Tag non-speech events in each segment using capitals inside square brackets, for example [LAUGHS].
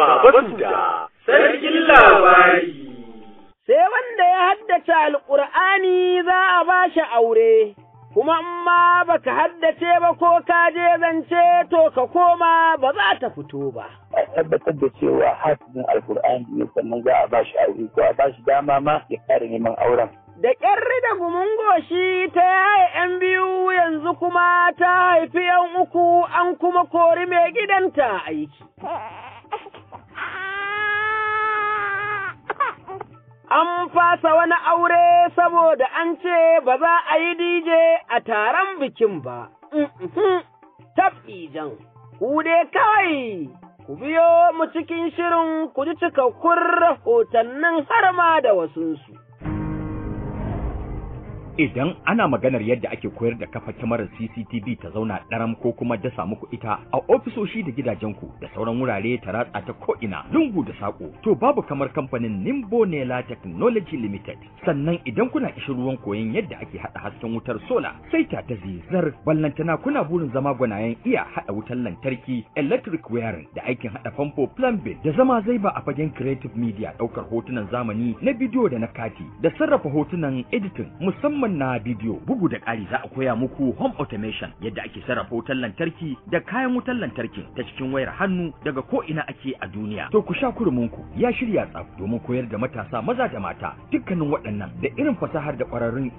Babatu da Sarkin labari. Sai wanda ya haddace Alƙur'ani za a ba shi aure, kuma in ma ba ka haddace ba ko ka je zance to ka koma ba za ta fito ba. A tabbatar da cewa hafizin Alƙur'ani ne sannan za a ba shi aure ko a ba shi dama ma ya kare neman auren. da ƙyar da gumin goshi ta yaya ‘yan biyu yanzu kuma ta haifi ‘yan uku an kuma kori mai gidanta aiki. [LAUGHS] an fasa wani aure saboda an ce ba za a yi DJ a taron bikin ba, mm-hmm. Tafijan, jan, ku dai kawai, ku biyo mu cikin shirin ku ji cikakkun rahotannin har ma da wasunsu. idan ana maganar yadda ake koyar da kafa kyamarar CCTV ta zauna ɗaram ko kuma da samu ku ita a ofisoshi da gidajen ku da sauran wurare ta ratsa ta ko'ina lungu da sako to babu kamar kamfanin Nimbo Nela Technology Limited sannan idan kuna ishin ruwan koyon yadda ake hada hasken wutar sola sai ta ta zizar ballantana kuna burin zama gwanayen iya hada wutar lantarki electric wiring da aikin hada famfo plumbing da zama zai ba a fagen creative media ɗaukar hotunan zamani na bidiyo da na kati da sarrafa hotunan editing musamman sakon bidiyo bugu da ƙari za a koya muku home automation yadda ake sarrafa wutar lantarki da kayan wutar lantarki ta cikin wayar hannu daga ko ina ake a duniya to ku sha ku ya shirya tsaf domin koyar da matasa maza da mata dukkanin waɗannan da irin fasahar da ƙwararrun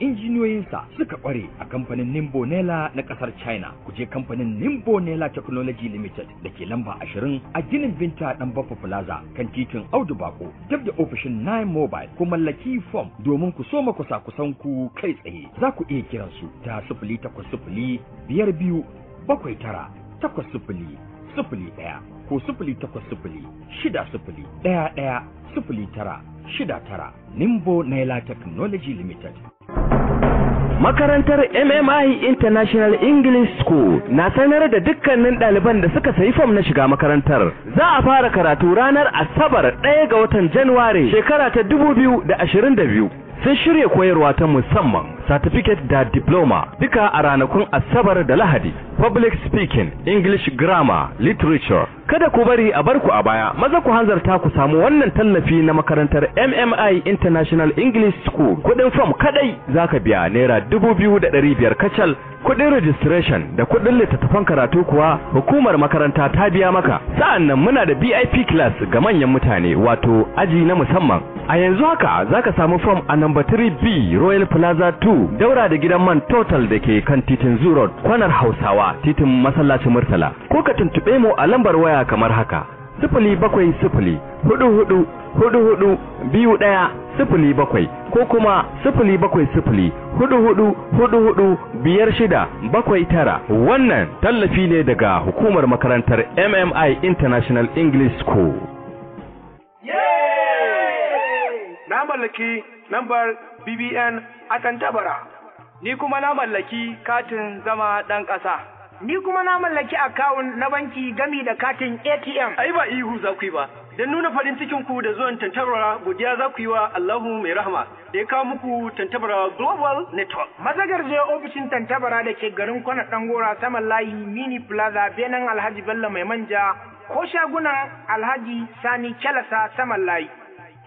sa suka ƙware a kamfanin Nimbo Nela na ƙasar China ku je kamfanin Nimbo Nela Technology Limited da ke lamba 20 a ginin Binta Dan Baffa Plaza kan titin Audu Bako dab da ofishin Nine Mobile ku mallaki form domin ku soma kusa kusan ku kai tsaye za ku iya su ta sufuli takwas sufuli biyar biyu bakwai tara takwas sufuli sufuli ɗaya ko sufuli takwas sufuli shida sufuli ɗaya ɗaya sufuli tara shida tara Nimbo Naila Technology Limited. Makarantar MMI International English School na sanar da dukkanin ɗaliban da suka sayi fam na shiga makarantar. Za a fara karatu ranar Asabar ɗaya ga watan Januwari shekara ta 2022. sun shirya koyarwa ta musamman certificate da diploma duka a ranakun asabar da lahadi public speaking english grammar literature kada ku bari a barku a baya maza ku hanzarta ku samu wannan tallafi na makarantar MMI International English School kudin fom kadai za ka biya naira dubu biyu da ɗari biyar kacal kudin registration da kudin littattafan karatu kuwa hukumar makaranta ta biya maka sa'an nan muna da bip class ga manyan mutane wato aji na musamman a yanzu haka za ka samu fom a number 3B Royal Plaza 2 daura da gidan man total da ke kan titin Zoo kwanar Hausawa a titin masallacin Murtala ko ka tuntube mu a lambar waya kamar haka sifili bakwai sifili hudu hudu hudu hudu biyu ɗaya sifili bakwai ko kuma sifili bakwai sifili hudu hudu hudu hudu biyar shida bakwai tara wannan tallafi ne daga hukumar makarantar MMI International English School. Na mallaki lambar BBN a Tantabara, ni kuma na mallaki katin zama ɗan ƙasa. ni kuma na mallaki akawun na banki gami da katin ATM. Ai ba ihu za ku yi ba, don nuna farin cikin ku da zuwan tantabara godiya za ku yi wa Allahu mai rahama da ya kawo muku tantabara Global Network. Mazagar je ofishin tantabara da ke garin Kwana Gora saman layi Mini Plaza Benin Alhaji Bello mai manja ko shagunan Alhaji Sani Kyalasa saman layi.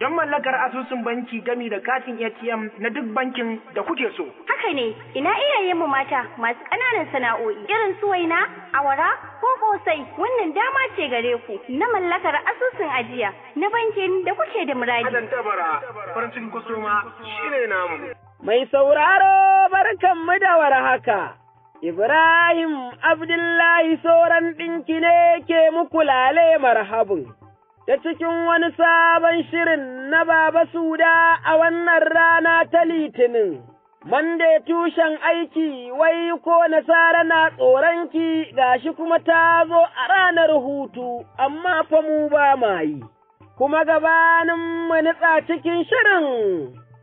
don mallakar asusun banki gami da katin ATM na duk bankin da kuke so. Haka ne, ina iyayenmu mata masu ƙananan sana'o'i irin su waina, awara ko kosai wannan dama ce gare ku na mallakar asusun ajiya na bankin da kuke da muradi. Hadan tabara, farin cikin shi ne namu. Mai sauraro barkan mu da warhaka. Ibrahim Abdullahi sauran ɗinki ne ke muku lale marhabin. ta cikin wani sabon shirin na Baba Suda a wannan rana ta Litinin. Mande tushen aiki wai ko nasara na tsoronki gashi kuma ta zo a ranar hutu, amma fa mu ba ma yi, kuma gabanin mu nutsa cikin shirin,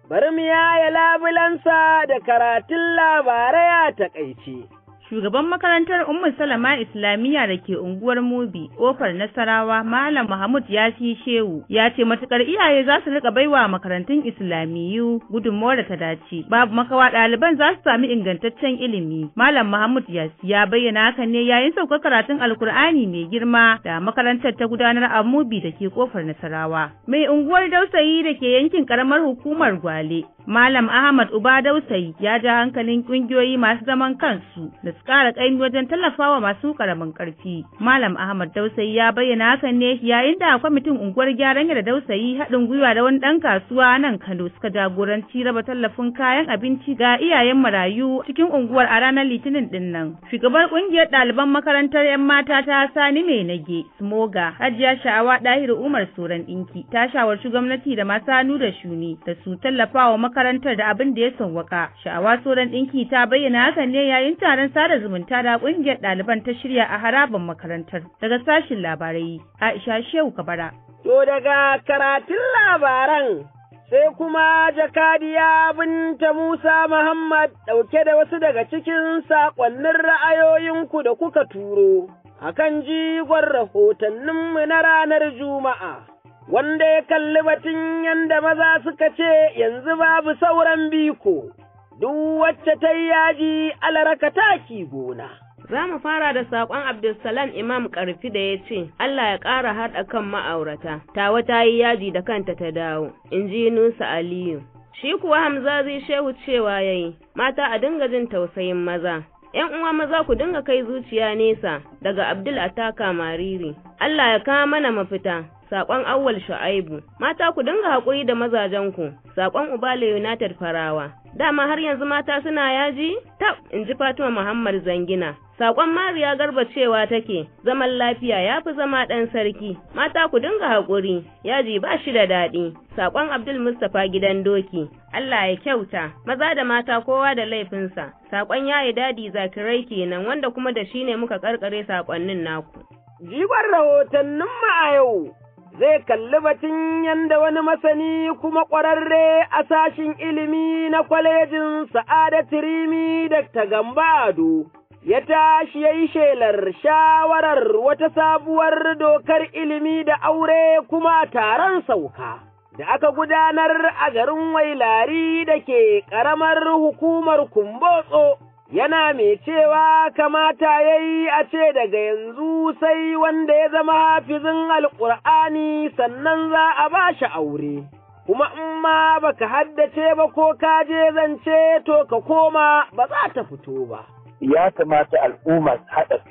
bari mu yaya labulansa da karatun labarai a taƙaice shugaban makarantar ummu salama islamiyya da ke unguwar mubi kofar nasarawa malam muhammad ya shehu ya ce matukar iyaye za su rika baiwa makarantun islamiyu gudunmawar da ta dace babu makawa ɗaliban za su sami ingantaccen ilimi malam muhammad ya ya bayyana hakan ne yayin saukar karatun alkur'ani mai girma da makarantar ta gudanar a mubi da ke kofar nasarawa mai unguwar dausayi da ke yankin karamar hukumar gwale malam ahmad uba dausayi ya ja hankalin kungiyoyi masu zaman kansu da ƙara ƙaimi wajen tallafawa masu ƙaramin ƙarfi. Malam Ahmad Dausayi ya bayyana hakan ne yayin da kwamitin unguwar gyaran da Dausayi haɗin gwiwa da wani ɗan kasuwa nan Kano suka jagoranci raba tallafin kayan abinci ga iyayen marayu cikin unguwar a ranar Litinin ɗin nan. Shugabar ƙungiyar ɗaliban makarantar 'yan mata ta Sani Mai Nage, Smoga, Hajiya Sha'awa Ɗahiru Umar Soran Ɗinki ta shawarci gwamnati da masu hannu da shuni da su tallafawa makarantar da abin da ya sauwaka. Sha'awa Soran Ɗinki ta bayyana hakan ne yayin taron sada sada zumunta da kungiyar ɗaliban ta shirya a harabar makarantar daga sashin labarai Aisha Shehu Kabara. To daga karatun labaran sai kuma jakadiya binta Musa Muhammad ɗauke da wasu daga cikin sakonnin ra'ayoyinku da kuka turo a kan jigon rahotanninmu na ranar Juma'a. Wanda ya kalli batun yanda maza suka ce yanzu babu sauran biko. duk wacce ta yi yaji alaraka taki gona. Za mu fara da saƙon Abdulsalam Imam Karfi da ya ce, Allah ya ƙara haɗa kan ma'aurata, tawa ta yi yaji da kanta ta dawo, in ji Nusa Aliyu. Shi kuwa Hamzazi Shehu cewa ya yi, mata a dinga jin tausayin maza. ‘Yan uwa maza ku dinga kai zuciya nesa daga Abdul a taka Mariri, Allah ya kawo mana mafita, Sakon Awwal Shu'aibu. Mata ku dinga haƙuri da mazajen ku. Sakon Ubale United Farawa. Dama har yanzu mata suna yaji? Tab, in ji Fatima Muhammad Zangina. Saƙon Mariya Garba cewa take, zaman lafiya ya fi zama ɗan sarki. Mata ku dinga haƙuri, yaji ba shi da daɗi. Saƙon Abdul Mustapha gidan doki. Allah ya kyauta, maza da mata kowa da laifinsa. Sakon yayi dadi zakirai kenan wanda kuma da shi ne muka karkare sakonnin naku. Jigon rahotannin mu a yau zai kalli batun yadda wani masani kuma ƙwararre a sashin ilimi na kwalejin sa'ada tirimi da Gambado. Ya tashi ya yi shelar shawarar wata sabuwar dokar ilimi da aure kuma taron sauka. da aka gudanar a garin Wailari da ke ƙaramar hukumar Kumbotso. yana mai cewa kamata ya yi a ce daga yanzu sai wanda ya zama hafizin alƙur'ani sannan za a ba shi aure, kuma in ma ba ka haddace ba ko kaje zance to ka koma ba za ta fito ba. Ya kamata al'umma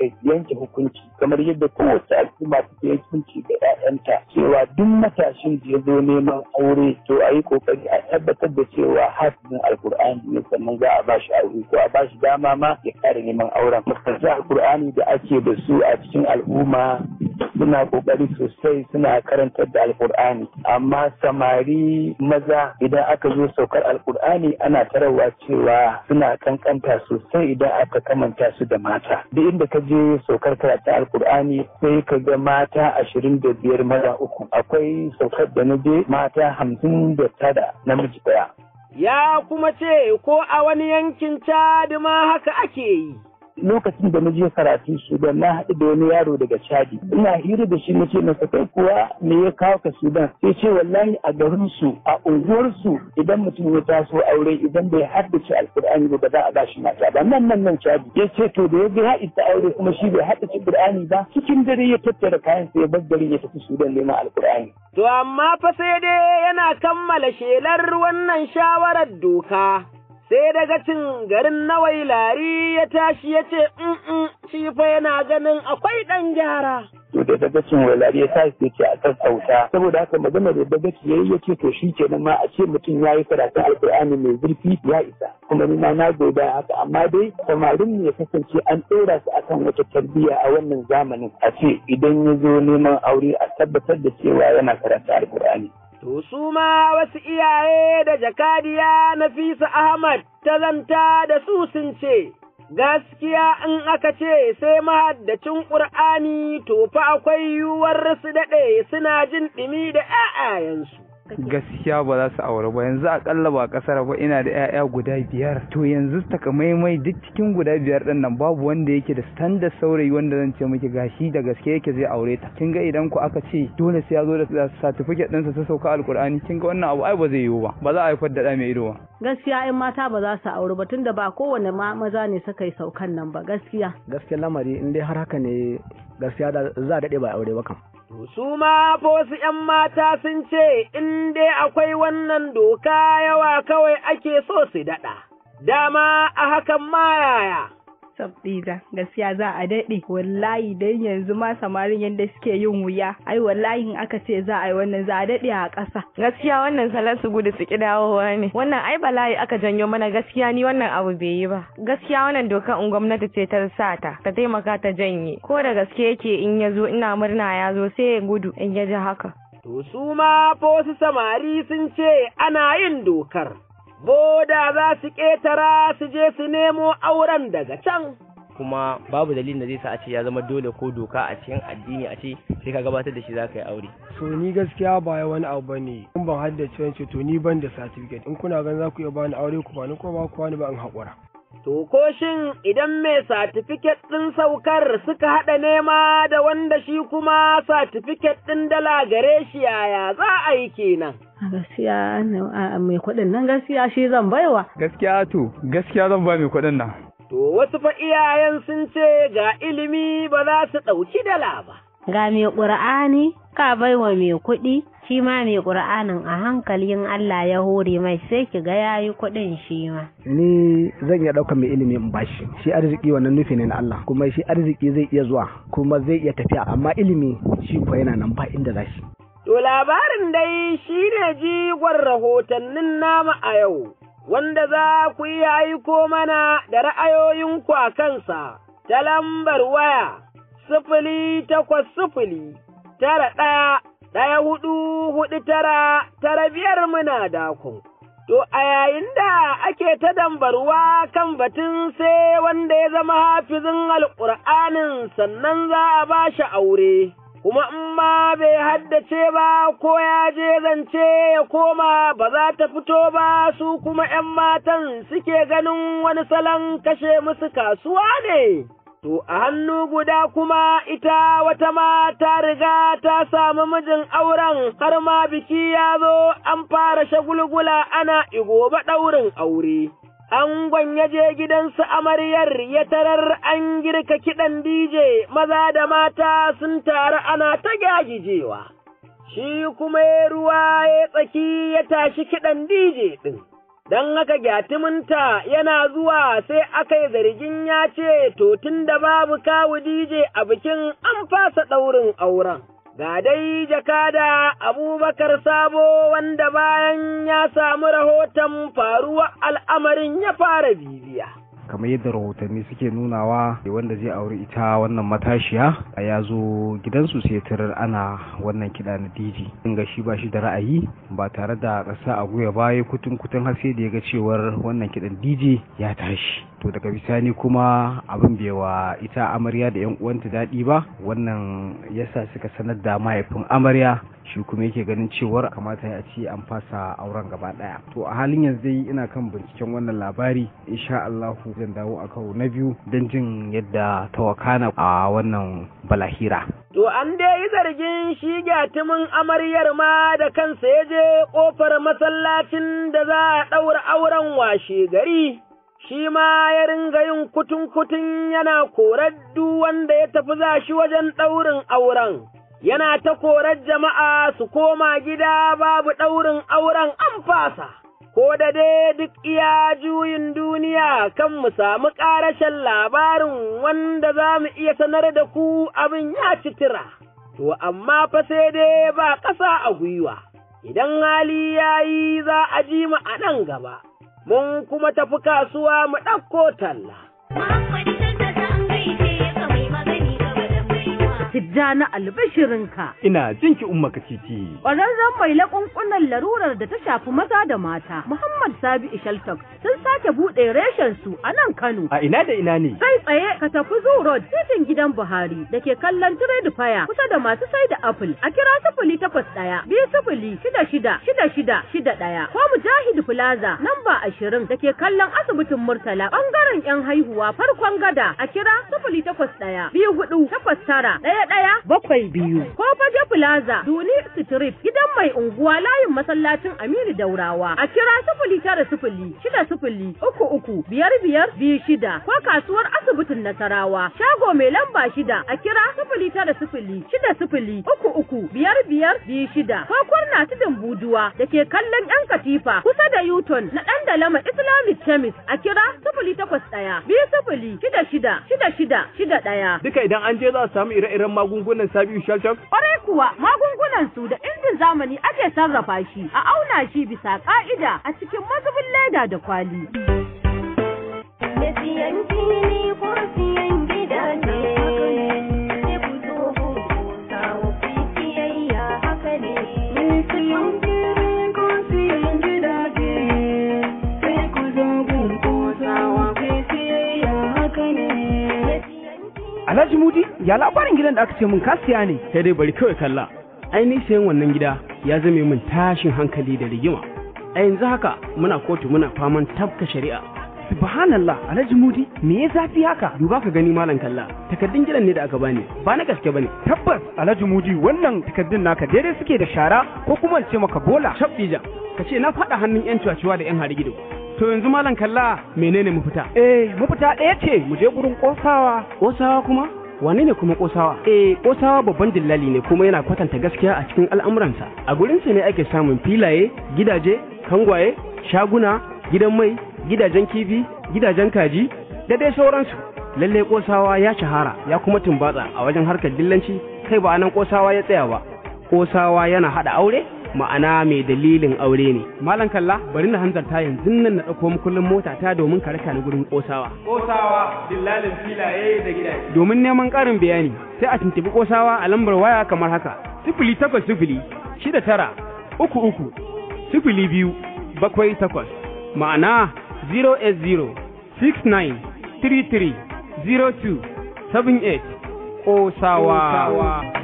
suka yanke hukunci kamar yadda kowace al'umma take yanke hukunci ga 'ya'yanta cewa duk matashin da ya zo neman aure to a yi kokari a tabbatar da cewa hafizin alkur'ani ne sannan za a bashi aure ko a bashi dama ma ya kare neman auren fuskanci alkur'ani da ake da su a cikin al'umma suna kokari sosai suna karantar da alkur'ani amma samari maza idan aka zo saukar alkur'ani ana tarawa cewa suna kankanta sosai idan aka kamanta su da mata duk inda ka je saukar karatu alkur'ani sai ka ga mata ashirin da biyar maza uku akwai saukar da na je mata hamsin da tada namiji ɗaya. Ya kuma ce ko a wani yankin cadi ma haka ake yi. lokacin da na je karatu Sudan na haɗu da wani yaro daga Chadi. Ina hira da shi nace masa kai kuwa me ya kawo ka Sudan? Sai ce wallahi a garin su a unguwar su idan mutum ya taso aure idan bai haddace Alkur'ani ba za a bashi mata ba nan nan nan Chadi. Ya ce to da ya ga ya isa aure kuma shi bai haddace Alkur'ani ba cikin dare ya tattara kayan sa ya bar gari ya tafi Sudan neman Alkur'ani. To amma fa sai dai yana kammala shelar wannan shawarar doka. sai daga cin garin nawai lari ya tashi ya ce shi fa yana ganin akwai ɗan gyara. to da dagacin lari ya tashi ya ce a sassauta saboda haka magana da dagaci ya ce to shi ke ma a ce mutum ya yi karatun alkur'ani mai zurfi ya isa kuma ni ma na goda haka amma dai samarin ne ya kasance an ɗora su akan wata tarbiyya a wannan zamanin a ce idan ya zo neman aure a tabbatar da cewa yana karatun alkur'ani to su ma wasu iyaye da jakadiya Nafisa Ahmad ta zanta da su sun ce, Gaskiya in aka ce sai mahaddacin Ƙur'ani to fa akwai yiwuwar su daɗe suna jin ɗimi da ‘ya'yayensu. gaskiya ba za su aure ba yanzu akalla ba kasar ba ina da ƴaƴa guda biyar to yanzu takamaimai duk cikin guda biyar din nan babu wanda yake da standard saurayi wanda zan ce miki gashi da gaske yake zai aure ta kin ga idan ku aka ce dole sai ya zo da certificate ɗinsa ta sauka alkur'ani kin ga wannan abu ai ba zai yiwu ba ba za a haifar da ɗa mai ido ba gaskiya 'yan mata ba za su aure ba tunda ba kowane maza ne suka yi saukan nan ba gaskiya gaskiya lamari in dai har haka ne gaskiya da za daɗe ba aure ba kam. Su ma wasu ‘yan mata sun ce in dai akwai wannan doka yawa kawai ake so su daɗa, dama a hakan ma yaya. whatsapp gaskiya za a daɗe wallahi dai yanzu ma samarin yadda suke yin wuya ai wallahi in aka ce za a yi wannan za a daɗe a ƙasa gaskiya wannan salon su gudu su ki dawowa ne wannan ai bala'i aka janyo mana gaskiya ni wannan abu bai yi ba gaskiya wannan dokar in gwamnati ce ta sa ta ta taimaka ta janye ko da gaske yake in ya zo ina murna ya zo sai ya gudu in ya ji haka to su ma fa wasu samari sun ce ana yin dokar boda za su ƙetara su je su nemo auren daga can. Kuma babu dalilin da zai sa a ce ya zama dole ko doka a cikin addini a ce sai ka gabatar da shi za ka yi aure. So ni gaskiya ba ya wani abu ne in ban haddace wance to ni ban da certificate in kuna gan za ku iya bani aure ku bani ko ba ku ni ba in haƙura. To, ko shin idan mai satifiket ɗin saukar suka haɗa nema da wanda shi kuma satifiket ɗin dala gare shi yaya za a yi kenan? Gaskiya mai kuɗin nan gaskiya shi zan baiwa. Gaskiya to, gaskiya zan ba mai kuɗin nan. To, wasu fa iyayen sun ce ga ilimi ba za su ɗauki dala ba. Ga mai ƙur'ani, ka baiwa mai kuɗi, shi ma mai ƙur'anin a hankalin Allah ya hore mai sai ki ga yayi kuɗin shi ma ni zan iya ɗaukar mai ilimi in bashi shi arziki wannan nufi ne na Allah kuma shi arziki zai iya zuwa kuma zai iya tafiya amma ilimi shi ko yana nan ba inda za shi. to labarin dai shi ne jigon rahotannin nama a yau wanda za ku iya aiko mana da ra'ayoyinku a kansa ta lambar waya sifili takwas sifili tara ɗaya ɗaya hudu hudu tara tara biyar muna dakon. To a yayin da ake ta dambarwa kan batun sai wanda ya zama hafizin alƙur'anin sannan za a ba shi aure, kuma in ma bai haddace ba ko ya je zance ya koma ba za ta fito ba su kuma ‘yan matan suke ganin wani salon kashe musu kasuwa ne. to a hannu guda kuma ita wata ma ta riga ta samu mijin auren har ma biki ya zo an fara shagulgula ana igoba ɗaurin aure. an ya je gidansu amaryar ya tarar an girka kiɗan DJ maza da mata sun taru ana ta gyagijewa. Shi kuma ruwa ya tsaki ya tashi kiɗan DJ ɗin. don haka gyatiminta yana zuwa sai aka yi zargin ya ce, To, tun da babu kawu dije a bikin an fasa ɗaurin auren. Ga dai jakada abubakar sabo wanda bayan ya samu rahoton faruwar al'amarin ya fara bibiya. kamar yadda rahotanni suke nunawa wanda zai auri ita wannan matashiya a ya zo gidansu sai tarar ana wannan kiɗa na dj ga shi ba shi da ra'ayi ba tare da ƙasa a goya baya kutun kutun har sai da ya ga cewar wannan kiɗan dj ya tashi to daga bisani kuma abin bai wa ita amarya da yan uwanta daɗi ba wannan yasa suka sanar da mahaifin amarya shi kuma yake ganin cewar kamata ya ci an fasa auren gaba daya to a halin yanzu dai ina kan binciken wannan labari insha Allahu zan dawo a kawo na biyu don jin yadda tawakana a wannan balahira To an dai yi zargin shi amaryar ma da kansa ya je ƙofar masallacin da za a ɗaura auren washe gari, shi ma ya ringa yin kutun-kutun yana korar duk wanda ya tafi za shi wajen ɗaurin auren. yana ta korar jama'a su koma gida babu ɗaurin auren an fasa, ko da dai duk iya juyin duniya kan mu samu ƙarashen labarin wanda za mu iya sanar da ku abin ya ci tira, to amma fa sai dai ba ƙasa a gwiwa, idan hali ya yi za a ji mu a nan gaba, mun kuma tafi kasuwa mu ɗauko talla. Tijjani albashirinka. Ina jinki umma titi. Ƙwararren mai laƙunƙunan larurar da ta shafi maza da mata, Muhammad Sabi Ishaltok, sun sake buɗe reshen su a nan Kano. A ina da ina ne? Sai tsaye ka tafi Zoo Road, titin gidan Buhari, da ke kallon Trade Fire, kusa da masu sai da Apple. A kira sifili takwas ɗaya, biyu sifili shida shida shida shida shida ɗaya. Ko Mujahid Plaza, namba ashirin, da ke kallon asibitin Murtala, ɓangaren 'yan haihuwa farkon gada. A kira sufuli takwas ɗaya biyu hudu takwas tara ɗaya ɗaya bakwai biyu. Ko Faje Plaza Duni Street gidan mai unguwa layin masallacin Aminu Daurawa a kira sufuli tara sufuli shida sufuli uku uku biyar biyar biyu shida ko kasuwar asibitin Nasarawa shago mai lamba shida a kira sufuli tara sufuli shida sufuli uku uku biyar biyar biyu shida ko kurna tudun buduwa da ke kallon yan katifa kusa da Yuton na ɗan dalama Islamic Chemist a kira sufuli takwas ɗaya biyu sufuli shida shida shida shida shida shida ɗaya. Duka idan an je za a samu ire-iren magungunan Sabiu Shaltom? Kwarai kuwa magungunan su da injin zamani ake sarrafa shi a auna shi bisa ƙa'ida a cikin mazubin leda da kwali. Alhaji Mudi ya labarin gidan da aka ce mun kasiya ne sai dai bari kawai kalla Aini sayan wannan gida ya zame min tashin hankali da rigima a yanzu haka muna kotu muna faman tafka shari'a subhanallah alhaji mudi me ya zafi haka duba ka gani malam kalla takaddun gidan ne da aka bani ba na gaske bane tabbas alhaji mudi wannan takaddun naka daidai suke da shara ko kuma ce maka bola shabbija ka ce na faɗa hannun yan cuwacuwa da yan harigido to yanzu malam kalla menene mafita eh mafita ɗaya ce mu je gurin kosawa kosawa kuma wane ne kuma kosawa eh kosawa babban dillali ne kuma yana kwatanta gaskiya a cikin al'amuransa a gurin gurinsa ne ake samun filaye gidaje kangwaye shaguna gidan mai gidajen kifi gidajen kaji da dai sauransu Lallai ƙosawa ya shahara ya kuma tumbatsa a wajen harkar dillanci kai ba nan kosawa ya tsaya ba Ƙosawa yana haɗa aure ma'ana mai dalilin aure ne malam kalla bari na hanzarta yanzu nan na ɗauko kullum mota ta domin ka raka ni gurin kosawa kosawa dillalin filaye da gidaje domin neman ƙarin bayani sai a tuntubi kosawa a lambar waya kamar haka sifili takwas sifili shida tara uku uku sifili biyu bakwai takwas ma'ana zero zero, six, nine, three, 69 33 02 78 kosawa. kosawa.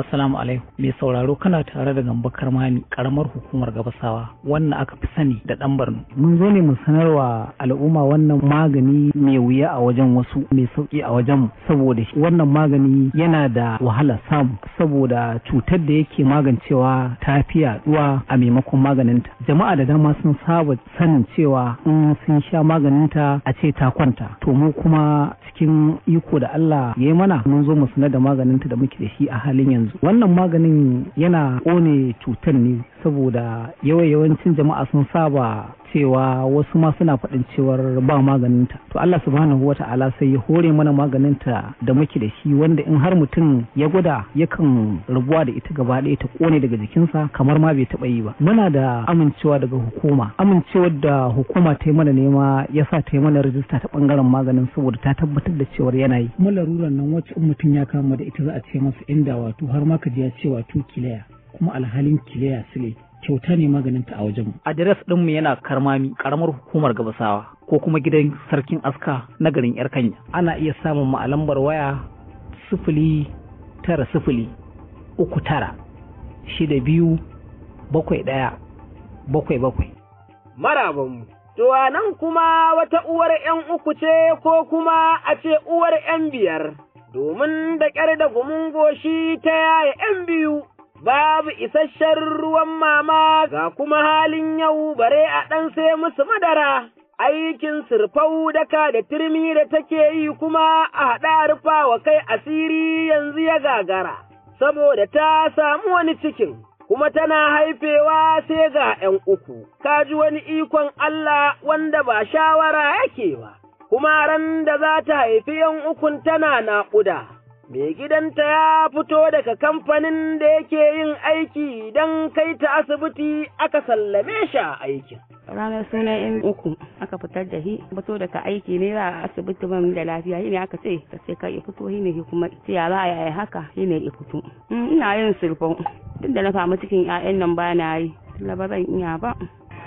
Assalamu alaikum. Mai sauraro kana tare da Gambo Karmami karamar hukumar Gabasawa wannan aka fi sani da ɗan Borno. Mun zo ne mu sanarwa al'umma wannan magani mai wuya a wajen wasu mai sauki a wajen mu saboda wannan magani yana da wahala samu saboda cutar da yake magancewa ta fi yaduwa a maimakon maganinta. Jama'a da dama sun saba sanin cewa in sun sha maganinta a ce ta kwanta. To mu kuma cikin iko da Allah ya yi mana mun zo mu sanar da maganinta da muke da shi a halin yanzu. wannan maganin yana ƙone cutar ne saboda yawa yawancin jama'a sun saba cewa wasu ma suna faɗin cewar ba maganinta to Allah subhanahu wa ta'ala sai ya hore mana maganinta da muke da shi wanda in har mutum ya gwada yakan rabuwa da ita gaba ɗaya ta kone daga jikinsa kamar ma bai taɓa yi ba muna da amincewa daga hukuma amincewar da hukuma ta yi mana nema ya sa ta yi mana rijista ta ɓangaren maganin saboda ta tabbatar da cewar yana yi kuma laruran nan wacce in mutum ya kama da ita za a ce masa inda wato har ma ka ji ya ce wato kilaya kuma alhalin kiliya sile kyauta ne maganinta a wajenmu. Adires ɗinmu yana karmami karamar hukumar gabasawa ko kuma gidan sarkin aska na garin 'yar kanya. Ana iya samun mu a lambar waya sifili tara sifili uku tara shida biyu bakwai ɗaya bakwai bakwai. Marabanmu. To a nan kuma wata uwar ‘yan uku ce ko kuma a ce uwar ‘yan biyar, domin da ƙyar da gumin goshi ta yaya ‘yan biyu. babu isasshen ruwan mama ga kuma halin yau bare a ɗan sai musu madara. Aikin sirfau daka da turmi da take yi kuma a haɗa rufa wa kai asiri yanzu ya gagara, saboda ta samu wani cikin. kuma tana haifewa sai ga ’yan uku, ka ji wani ikon Allah wanda ba shawara yake ba, kuma ran da za ta haifi ’yan ukun tana naƙuda. mai gidanta ya fito daga kamfanin da yake yin aiki don kai ta asibiti aka sallame shi a aikin. ranar sunan yan uku aka fitar da shi fito daga aiki ne za a asibiti ban da lafiya shi ne aka ce ka ce yi fito shi ne kuma ce ya ba yi haka shi ne ya fito mm, ina yin sirfo duk da na samu cikin 'ya'yan nan ba na yi ba zan iya ba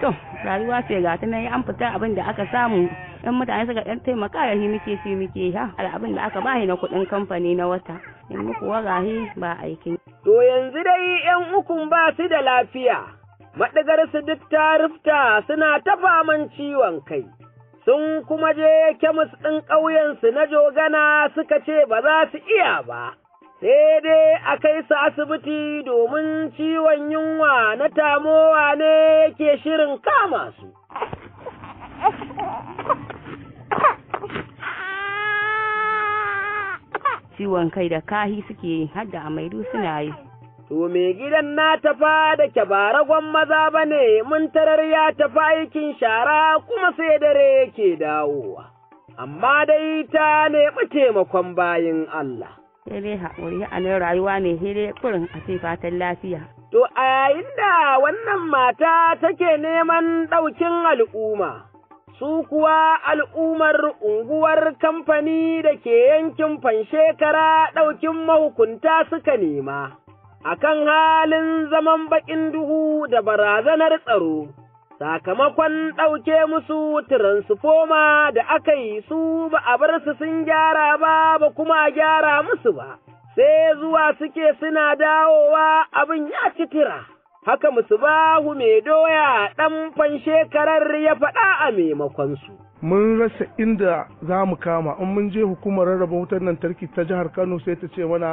to rayuwa ce ga ta nayi an fita abin da aka samu yan mutane suka dan taimaka ya hi muke shi muke ha abin da aka bahi na kuɗin kamfani na wata in muku wagahi ba aikin to yanzu dai yan ukun ba su da lafiya maɗigar su duk ta rufta suna ta faman ciwon kai sun kuma je kemis ɗin su na jogana suka ce ba za su iya ba sai dai a kai su asibiti domin ciwon yunwa na tamowa ne yake shirin kama su. Ciwon kai da kahi suke yi hadda a maidu suna yi. To me gidan na tafa da kyabaragon maza ba ne mun tarar ya tafi aikin shara kuma sai dare ke dawowa, amma dai ta nemi taimakon bayin Allah. sai dai haƙuri nan rayuwa ne hire kurin a fatan lafiya. To a yayin da wannan mata take neman ɗaukin al'umma, su kuwa al'ummar unguwar kamfani da ke yankin fanshekara ɗaukin mahukunta suka nema, a kan halin zaman baƙin duhu da barazanar tsaro. sakamakon ɗauke musu tiransifoma da aka yi su ba a bar su sun gyara ba ba kuma gyara musu ba, sai zuwa suke suna dawowa abin ya ci tira. Haka musu bahu mai doya ɗan fan shekarar ya faɗa a maimakonsu. mun rasa inda za mu kama in mun je hukumar rarraba wutar lantarki ta jihar Kano sai ta ce mana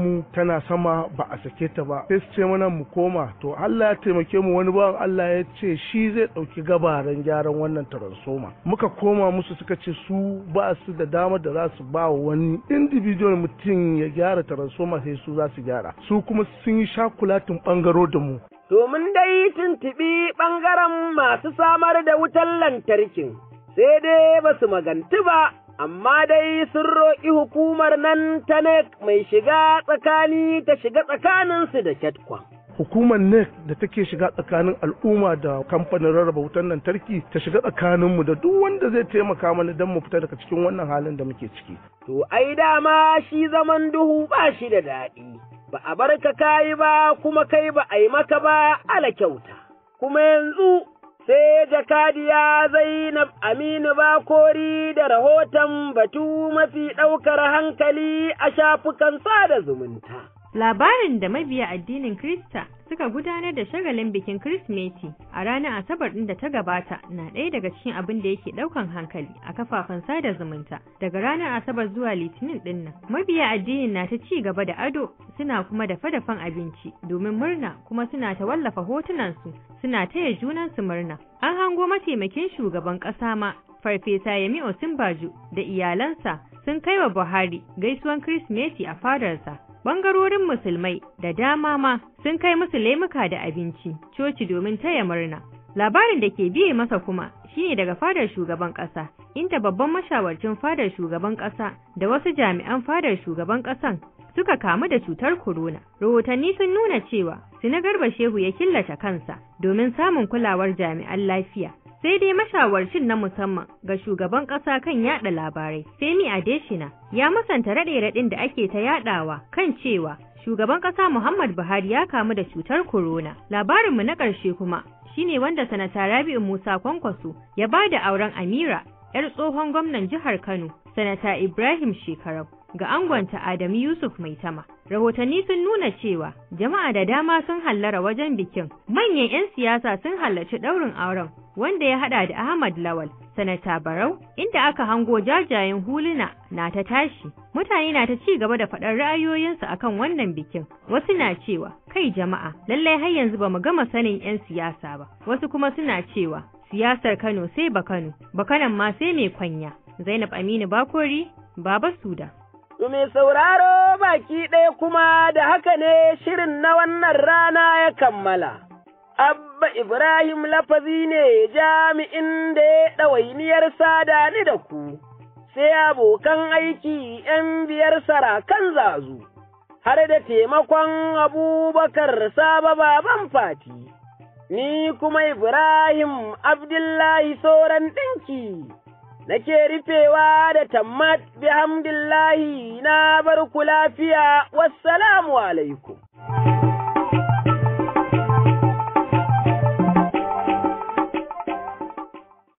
mu tana sama ba a sake ta ba sai su ce mana mu koma to Allah ya taimake mu wani bawan Allah ya ce shi zai ɗauki gabaran gyaran wannan taransoma. muka koma musu suka ce su ba su da dama da za su ba wani individual mutum ya gyara taransoma sai su za su gyara su kuma sun yi shakulatin bangaro da mu domin dai tuntuɓi ɓangaren masu samar da wutar lantarkin sai dai ba su maganti ba, amma dai sun roƙi hukumar nan ta NEC mai shiga tsakani ta shiga tsakaninsu da Ketcon. Hukumar NEC da take shiga tsakanin al'umma da kamfanin rarraba wutar lantarki ta shiga tsakaninmu da duk wanda zai taimaka mana don mu fita daga cikin wannan halin da muke ciki. To ai dama shi zaman duhu ba shi da daɗi. Ba a bar ka kayi ba kuma kai ba a yi maka ba ala kyauta. Kuma yanzu sai jakadiya Zainab Aminu Bakori da rahoton batu mafi ɗaukar hankali a shafukan sada zumunta. Labarin da mabiya addinin Krista suka gudanar da shagalin bikin Kirsimeti a ranar Asabar ɗin da ta gabata na ɗaya daga cikin abin da yake ɗaukan hankali a kafafen sada zumunta. Daga ranar Asabar zuwa Litinin ɗin nan, mabiya addinin na ta ci gaba da ado suna kuma da fadafan abinci domin murna kuma suna ta wallafa hotunansu suna taya junansu murna. An hango mataimakin shugaban ƙasa ma Farfesa Yemi Osinbajo da iyalansa sun kai wa Buhari gaisuwan Kirsimeti a fadarsa. Bangarorin musulmai da dama ma sun kai musu laimuka da abinci, coci domin taya murna. Labarin da ke biye masa kuma shine daga fadar shugaban ƙasa, inda babban mashawarcin fadar shugaban ƙasa da wasu jami'an fadar shugaban ƙasan suka kamu da cutar corona. Rahotanni sun nuna cewa Sinagar Shehu ya killace kansa domin samun kulawar jami'an lafiya sai dai mashawarcin na musamman ga shugaban ƙasa kan yaɗa labarai sai Femi Adeshina ya musanta raɗe-raɗin da ake ta yaɗawa kan cewa shugaban ƙasa Muhammad Buhari ya kamu da cutar corona. Labarinmu na ƙarshe kuma shi ne wanda sanata Rabi'u Musa Kwankwaso ya ba da auren Amira 'yar tsohon gwamnan jihar Kano sanata Ibrahim Shekarau ga angonta Adamu Yusuf Maitama. Rahotanni sun nuna cewa jama'a da dama sun hallara wajen bikin. Manyan 'yan siyasa sun halarci ɗaurin auren wanda ya haɗa da Ahmad Lawal, Sanata Barau, inda aka hango jajayen huluna na ta tashi. Mutane na ta ci gaba da faɗar ra'ayoyinsu a kan wannan bikin. Wasu na cewa, kai jama'a, lallai har yanzu ba mu gama sanin 'yan siyasa ba. Wasu kuma suna cewa, siyasar Kano sai ba Kano, Bakanan ma sai mai kwanya. Zainab Aminu Bakori, Baba Suda. mai sauraro baki ɗaya kuma da haka ne shirin na wannan rana ya kammala. Abba Ibrahim lafazi ne jami'in da ya ɗawainiyar sada ni da ku, sai abokan aiki ‘yan biyar sarakan zazu, har da taimakon abubakar saba baban fati, ni kuma Ibrahim Abdullahi sauran ɗinki. nake rufewa da tammat bihamdillahi na barku lafiya wassalamu alaikum